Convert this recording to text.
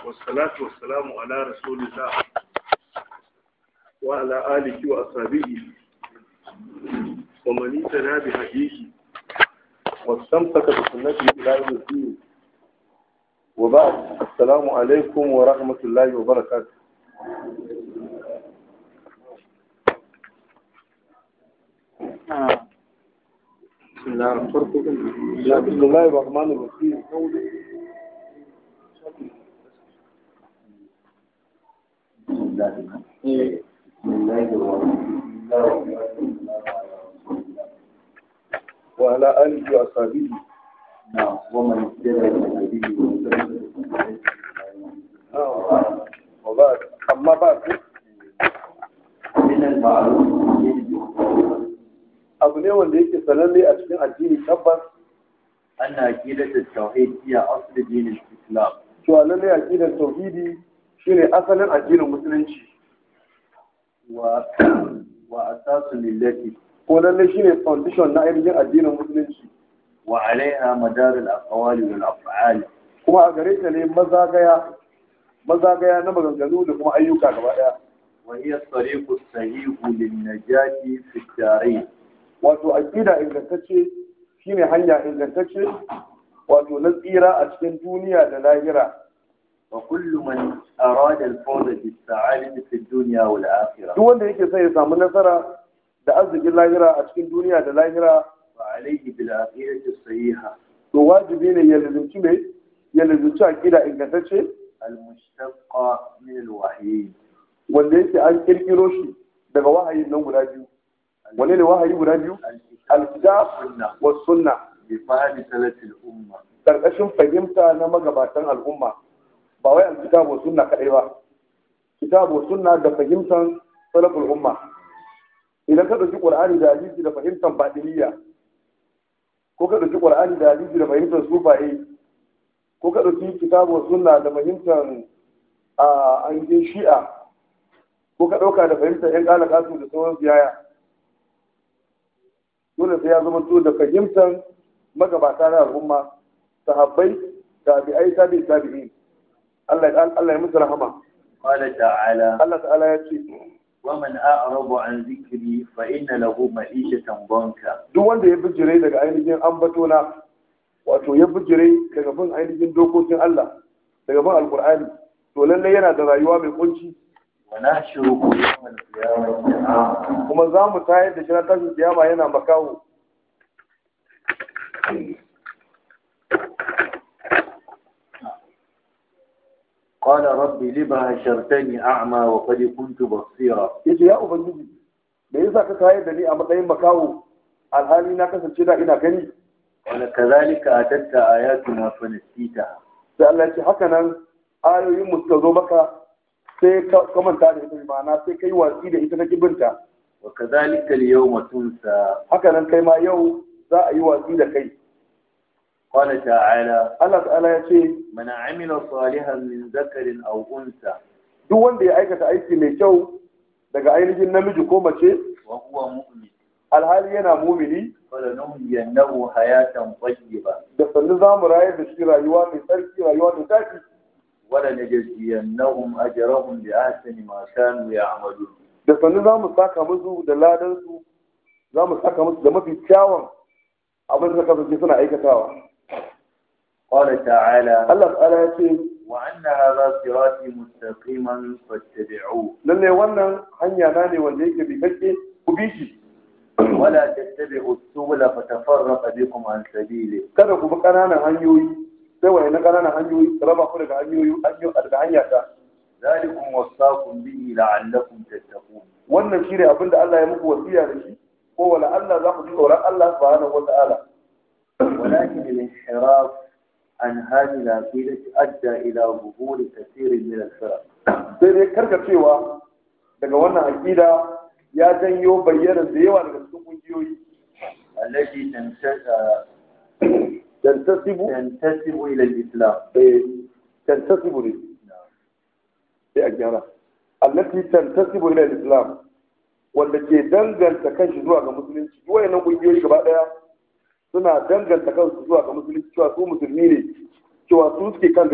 a wasalamu ala rasulillah wa ala alihi wa ashabihi wa man na bi hadihi wa samtaka bi sunnati ila yawm wa ba'd assalamu alaikum wa rahmatullahi wa ba بسم الله الرحمن الرحيم وعلى آله وأصحابه نعم ومن اهتدى وبعد أما بعد من المعروف abu ne wanda yake sananne a cikin addini tabbas an na aqidar tauhid ya asli dinin islam to lalle tauhidi shine asalin addinin musulunci wa wa asasu millati ko lalle shine foundation na ainihin addinin musulunci wa alaiha madarul aqwali wal af'al kuma a gare ta ne mazagaya mazagaya na maganganu da kuma ayyuka gaba daya wa hiya tariqu sahihu lin najati fi tariq wato aqida ingantacce shine hanya ingantacce wato na tsira a cikin duniya da lahira وكل من أراد الفوز بالسعادة في الدنيا والآخرة دو wanda yake sai ya samu nasara da arzikin lahira a cikin duniya da lahira fa alayhi bil aqidati sahiha to wajibi ne ya lazimci me ya lazimci aqida ingantacce al mushtaqa min al wahyi wanda yake an kirkiro shi daga wahayin nan guda biyu wane ne wahayi guda biyu wa sunna bi umma karkashin fahimta na magabatan al'umma ba wai alkitabu sunna kadai ba kitabu sunna da fahimtar salaful umma idan ka dauki qur'ani da hadisi da fahimtar badiliya ko ka dauki qur'ani da hadisi da fahimtar sufaye ko ka dauki kitabu sunna da fahimtar a an shi'a ko ka dauka da fahimtar yan kala kasu da sauran biyaya dole sai ya zama to da fahimtar magabata na al'umma sahabbai tabi'ai tabi'i tabi'in Allah ya musu rahama qala ta'ala Allah ta'ala ya ce ومن أعرض عن ذكري فإن له معيشة banka. duk wanda ya bijire daga ainihin ambatona wato ya bijire daga bin ainihin dokokin Allah daga bin alqur'ani to lalle yana da rayuwa mai kunci wa nahshuruhu yawmal qiyamati kuma za mu tayar da shi na tashin kiyama yana makaho قال ربي لما أشرتني أعمى وقد كنت بصيرا يجي يا أبنجي ليس كتاية دني أمتين مكاو الحالي ناكا سنشيدا إنا كني ولكذلك أتتك آياتنا فنسيتها سأل الله حكنا آيو يمس كذوبك sai ka manta da ita ma'ana sai kai watsi da ita na kibinta wa kadhalika al-yawma tunsa haka nan kai ma yau za a yi watsi da kai قال تعالى الله تعالى يقول من عمل صالحا من ذكر أو أنثى duk wanda ya aikata aiki mai kyau daga ainihin namiji ko mace wa huwa mu'min alhali yana mumini wala nuhyiyannahu hayatan tayyiba da sannu za mu rayar da shi rayuwa mai tsarki rayuwa mai daɗi wala najziyannahum da bi ahsani ma kanu ya'malun da sannu za mu saka musu da ladan za mu saka musu da mafi kyawun abin da kasance suna aikatawa قال تعالى الله تعالى يقول وأن هذا صراطي مستقيما فاتبعوه للي وانا هنيا ناني وليك بكتي وبيشي ولا تتبعوا السبل فتفرق بكم عن سبيله kada ku bi kananan hanyoyi sai wai na kananan hanyoyi raba ku daga hanyoyi hanyo daga hanya ta zalikum wasaqum bihi la'allakum tattaqun wannan shine abinda Allah ya muku wasiya da shi ko wala Allah za ku ji tsoron Allah subhanahu wa ta'ala ولكن الانحراف عن هذه العقيدة أدى إلى ظهور كثير من الفرق sai karka cewa daga wannan aƙida ya janyo bayyana da yawa daga cikin ƙungiyoyi allati tantasibu tantasibu ila islam wanda ke danganta kanshi zuwa ga musulunci duk ƙungiyoyi gaba ɗaya suna danganta kansu zuwa ga musulunci cewa su musulmi ne cewa su suke kan